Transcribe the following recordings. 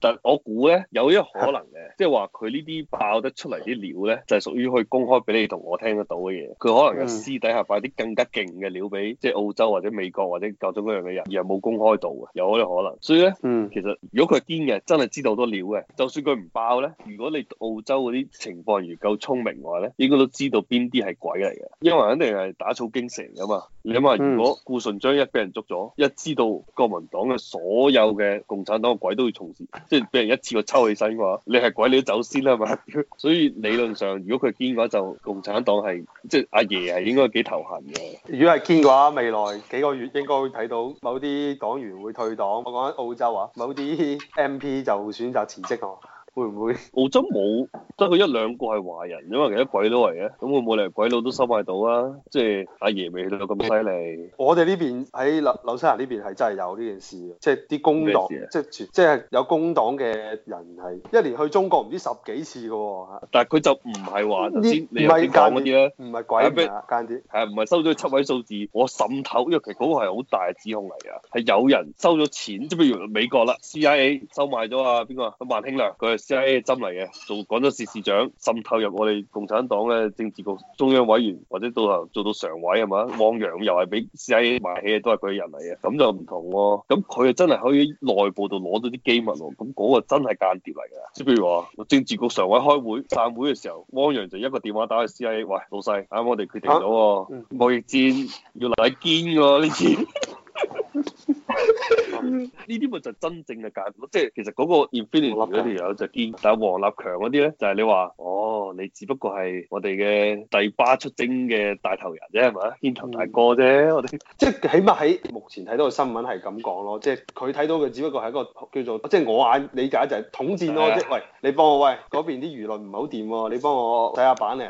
但我估咧有一可能嘅，即係話佢呢啲爆得出嚟啲料咧，就係屬於可以公開俾你同我聽得到嘅嘢。佢可能有私底下發啲更加勁嘅料俾即係澳洲或者美國或者各種各樣嘅人，而係冇公開到嘅，有啲可能。所以咧，其實如果佢係癲嘅，真係知道好多料嘅，就算佢唔爆咧，如果你澳洲嗰啲情況如果夠聰明嘅話咧，應該都知道邊啲係鬼嚟嘅，因為肯定係打草驚蛇㗎嘛。你諗下，如果顧順章一俾人捉咗，一知道國民黨嘅所有嘅共產黨嘅鬼都要從事。即係俾人一次過抽起身嘅話，你係鬼你都走先啦嘛。 所以理論上，如果佢堅嘅話，就共產黨係。即係阿爺係應該幾頭痕嘅。如果係堅嘅話，未來幾個月應該會睇到某啲黨員會退黨。我講緊澳洲啊，某啲 M P 就選擇辭職咯。會唔會澳洲冇即係佢一兩個係華人而，因為其他鬼佬嚟嘅，咁會唔會連鬼佬都，都收買到啊？即、就、係、是、阿爺未去到咁犀利。我哋呢邊喺紐西蘭呢邊係真係有呢件事，即係啲工黨，啊、即係即係有工黨嘅人係一年去中國唔知十幾次嘅喎、哦。但係佢就唔係話啲唔係間啲，唔係鬼嘅間啲，係啊唔係收咗七位數字，我滲透，因為其實嗰個係好大嘅指控嚟啊，係有人收咗錢，即係譬如美國啦，CIA 收買咗啊邊個啊萬慶良佢。佢係 CIA 針嚟嘅，做廣州市市長滲透入我哋共產黨嘅政治局中央委員，或者到頭做到常委係嘛？汪洋又係俾 CIA 買起嘅，都係佢嘅人嚟嘅，咁就唔同喎。咁佢啊真係可以內部度攞到啲機密喎。咁、那、嗰個真係間諜嚟㗎。即係譬如話，政治局常委開會散會嘅時候，汪洋就一個電話打去 CIA，喂老細，啱我哋決定咗到，啊嗯、貿易戰要嚟堅㗎喎呢次。 呢啲咪就真正嘅間，即係其實嗰個 Infinity 嗰啲有就堅，但係王立強嗰啲呢，就係你話。你只不過係我哋嘅第巴出征嘅大頭人啫，係咪啊？牽頭大哥啫，我哋即係起碼喺目前睇到嘅新聞係咁講咯，即係佢睇到嘅只不過係一個叫做即係、就是、我眼理解就係統戰咯，即係、啊就是、喂你幫我喂嗰邊啲輿論唔係好掂，你幫我睇下板嚟，誒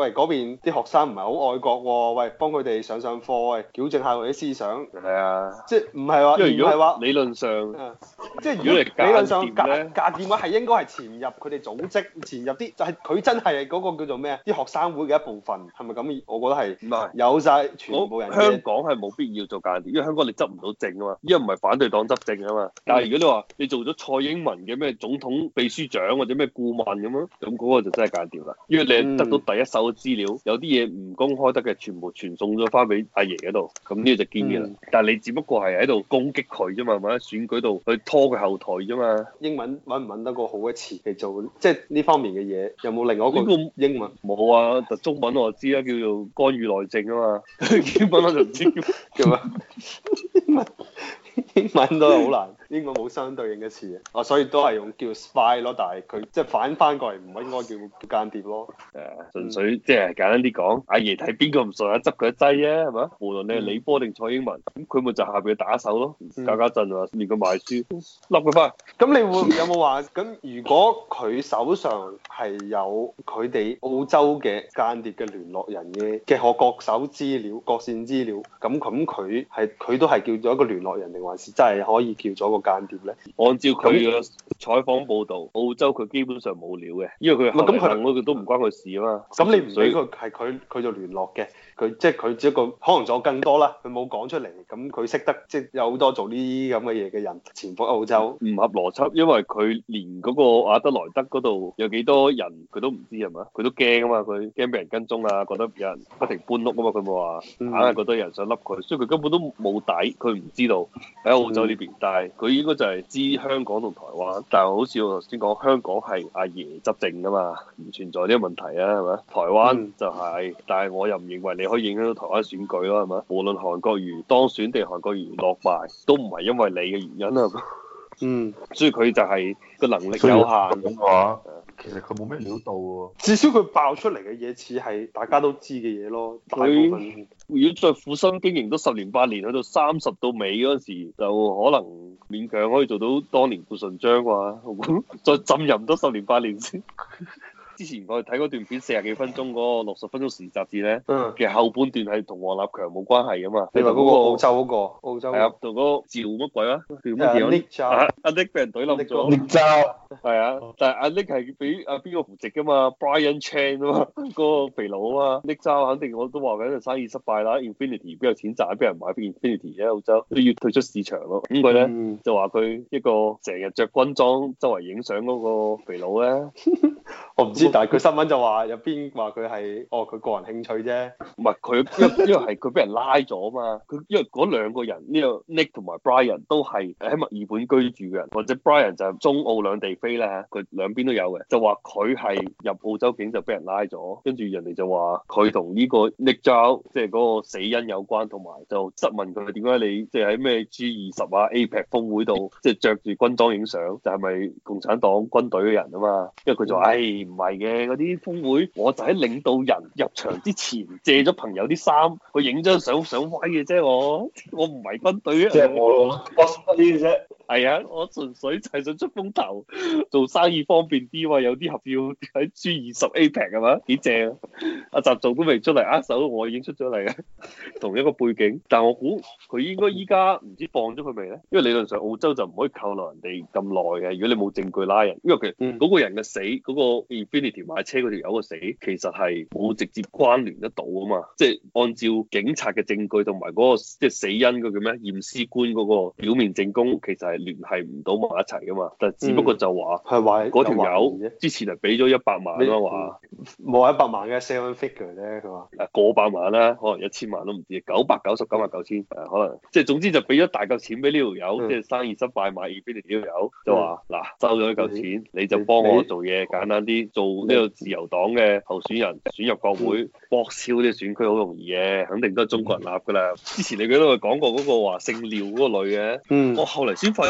喂嗰邊啲、欸、學生唔係好愛國，喂幫佢哋上上課，喂矯正下佢啲思想，係啊，即係唔係話如果係話理論上，即係如果理論上係間諜嘅話，係、嗯、應該係潛入佢哋組織，潛入啲就係佢。真係嗰個叫做咩？啲學生會嘅一部分係咪咁？我覺得係，有晒全部人的。香港係冇必要做間諜，因為香港你執唔到政啊嘛，因為唔係反對黨執政啊嘛。嗯、但係如果你話你做咗蔡英文嘅咩總統秘書長或者咩顧問咁咯，咁、那、嗰個就真係間諜啦。因為你得到第一手嘅資料，嗯、有啲嘢唔公開得嘅，全部傳送咗翻俾阿爺嗰度，咁呢個就堅嘅啦。嗯、但係你只不過係喺度攻擊佢啫嘛，或者選舉度去拖佢後腿啫嘛。英文揾唔揾得個好嘅詞嚟做，即係呢方面嘅嘢有冇令？嗰個英文冇啊，中文我知啊，叫做干預內政啊嘛，英文我就唔知叫叫咩，英文都係好難。呢個冇相對應嘅詞，哦，所以都係用叫 spy 咯，但係佢即係反翻過嚟唔應該叫間諜咯。誒，uh, 純粹即係簡單啲講，阿爺睇邊個唔順，執佢一劑啫，係咪啊？無論你係李波定蔡英文，咁佢咪就下邊去打手咯，嗯、搞搞震啊，連佢賣書，笠佢翻。咁你會有冇話？咁如果佢手上係有佢哋澳洲嘅間諜嘅聯絡人嘅嘅何各手資料、各線資料，咁咁佢係佢都係叫做一個聯絡人定還是真係可以叫咗個間諜咧？按照佢嘅採訪報道，那澳洲佢基本上冇料嘅，因為佢係咁佢行我哋都唔關佢事啊嘛。咁他以你唔俾佢係佢佢就聯絡嘅。佢即係佢只一個，可能仲有更多啦。佢冇講出嚟，咁佢識得即係有好多做呢啲咁嘅嘢嘅人潛伏喺澳洲。唔合邏輯，因為佢連嗰個阿德萊德嗰度有幾多人佢都唔知係咪。佢都驚啊嘛，佢驚俾人跟蹤啊，覺得有人不停搬屋啊嘛，佢冇話硬係覺得有人想笠佢，所以佢根本都冇底，佢唔知道喺澳洲呢邊。嗯、但係佢應該就係知香港同台灣，但係好似我頭先講，香港係阿爺執政㗎嘛，唔存在呢個問題啊，係咪？台灣就係、是，嗯、但係我又唔認為你。可以影響到台灣選舉咯，係咪？無論韓國瑜當選定韓國瑜落敗，都唔係因為你嘅原因啊。嗯，所以佢就係個能力有限。咁嘅、嗯、對其實佢冇咩料到喎。至少佢爆出嚟嘅嘢似係大家都知嘅嘢咯。佢如果再苦心經營多十年八年，去到三十到尾嗰陣時，就可能勉強可以做到當年顧順章啩，好，再浸淫多十年八年先。之前我哋睇嗰段片四十幾分鐘嗰六十分鐘時雜誌咧，其實後半段係同王立強冇關係噶嘛。你話嗰個澳洲嗰、嗰個澳洲、嗰個，係、啊、個同嗰個趙乜鬼啊？阿 Nick 阿 Nick 俾人懟冧咗。Nick，係啊，但係阿 Nick 係俾阿邊個扶植噶嘛？Brian Chan 嘛， 個肥佬啊嘛。Nick，、嗯嗯、肯定我都話緊生意失敗啦。Infinity 邊有錢賺？俾人買邊件 Infinity？喺澳洲都要退出市場咯。咁佢咧就話佢一個成日著軍裝周圍影相嗰個肥佬咧。 我唔知，但係佢新聞就話入邊話佢係哦，佢個人興趣啫，唔係佢因因為係佢俾人拉咗啊嘛。佢 因為嗰兩個人呢度、這個、Nick 同埋 Brian 都係喺墨爾本居住嘅，人，或者 Brian 就係中澳兩地飛啦，佢兩邊都有嘅。就話佢係入澳洲境就俾人拉咗，說他跟住人哋就話佢同呢個 Nick Zhao 即係嗰個死因有關，同埋就質問佢點解你即係喺咩 G 二十啊 APEC 峯會度即係着住軍裝影相，就係、是、咪共產黨軍隊嘅人啊嘛？因為佢就話唉。 唔係嘅，嗰啲峰會我就喺領導人入場之前借咗朋友啲衫去影張相想威嘅啫，我我唔係軍隊啊，即係我，我送翻啲啫。 係啊、哎，我純粹就係想出風頭，做生意方便啲喎，有啲合票喺 G 二十 A 平係嘛，幾正、啊。阿習做都未出嚟握手，我已經出咗嚟啊。同一個背景。但我估佢應該依家唔知放咗佢未咧，因為理論上澳洲就唔可以扣留人哋咁耐嘅，如果你冇證據拉人。因為佢嗰個人嘅死，嗰、嗰個 Infinity 買車嗰條友嘅死，其實係冇直接關聯得到啊嘛。即係按照警察嘅證據同埋嗰個即係死因嘅叫咩？驗屍官嗰個表面證供，其實係。聯繫唔到埋一齊噶嘛？但係只不過就話係話嗰條友之前係俾咗一百萬咯，話冇一百萬嘅 seven figure 咧，佢話誒過百萬啦，可能一千萬都唔知，九百九十九萬九千可能即係、就是、總之就俾咗大嚿錢俾呢條友，嗯、即係生意失敗買二邊條友就話嗱、嗯、收咗呢嚿錢、嗯、你就幫我做嘢，嗯嗯、簡單啲做呢個自由黨嘅候選人選入國會，博少啲選區好容易嘅，肯定都係中國人立㗎啦。嗯、之前你記得我講過嗰個話姓廖嗰個女嘅，嗯、我後嚟先發現。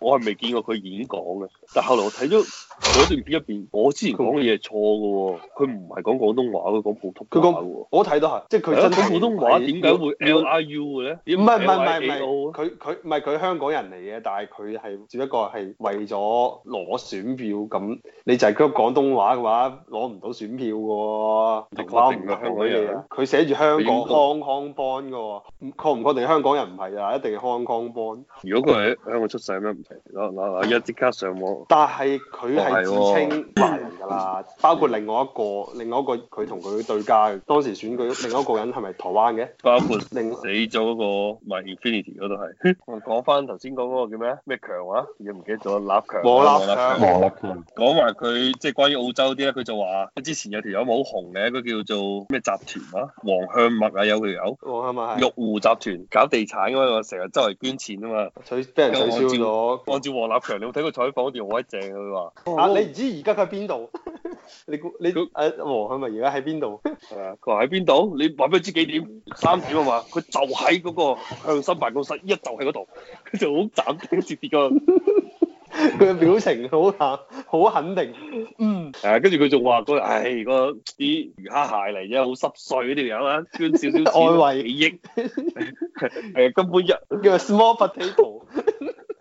我係未見過佢演講嘅，但後來我睇咗嗰段片入邊，我之前講嘅嘢係錯嘅喎，佢唔係講廣東話，佢講普通話嘅，我睇到係，即係佢真講普通話，點解會 L I U 嘅咧？唔係唔係唔係，佢佢唔係佢香港人嚟嘅，但係佢係只不過係為咗攞選票咁，你就係講廣東話嘅話攞唔到選票嘅喎，唔確定係香港人，佢寫住香港 Hong Kong born 嘅，確唔確定香港人唔係啊？一定係 Hong Kong born。如果佢喺香港出世，咩唔？一即刻上網， 但係佢係自稱華人噶啦，包括另外一個，另外一個佢同佢對家，當時選舉另外一個人係咪台灣嘅？包括另死咗嗰個賣 Infinity 嗰度係，講翻頭先講嗰個叫咩？咩強啊？你唔記得咗，立強。冇、哦、立強。冇立強。佢強即係關於澳洲啲咧，佢就話，之前有條友咪好紅嘅，佢叫做咩集團啊？黃向墨啊有條友。黃向墨係。是是玉湖集團搞地產啊嘛，成日周圍捐錢啊嘛，佢俾人取消咗。按照王立強，你有睇過採訪嗰段好鬼正，佢話啊，你唔知而家佢喺邊度？你估你估，誒，王係咪而家喺邊度？係啊，佢話喺邊度？你話俾佢知幾點？三點啊嘛，佢就喺嗰、那個向心辦公室，一、那個、就喺嗰度。佢就好斬釘截鐵噉，佢嘅 表情好吓，好 肯定。嗯、啊，係跟住佢仲話個，唉、哎，個啲魚蝦蟹嚟啫，好濕碎呢啲嘢啦，捐少少錢幾億，誒，根本一叫 small potato。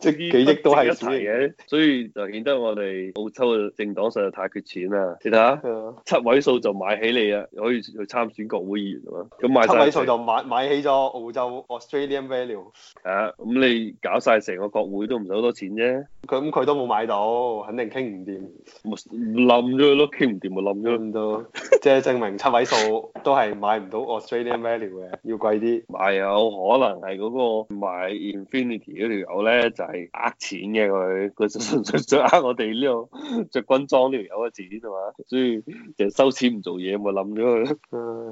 即係幾億都係錢嚟嘅，所以就顯得我哋澳洲嘅政黨實在太缺錢啦。睇下七位數就買起你啦，可以去參選國會議員啊嘛。咁買七位數就買買起咗澳洲 Australian value。係啊，咁你搞晒成個國會都唔使好多錢啫。佢咁佢都冇買到，肯定傾唔掂。冇冧咗咯，傾唔掂咪冧咗咁多，即係證明七位數都係買唔到 Australian value 嘅，要貴啲。係有可能係嗰個買 Infinity 嗰條友咧。就係呃錢嘅佢，佢想呃我哋呢個着軍裝呢條友嘅錢啊嘛，所以就收錢唔做嘢，咪諗咗佢。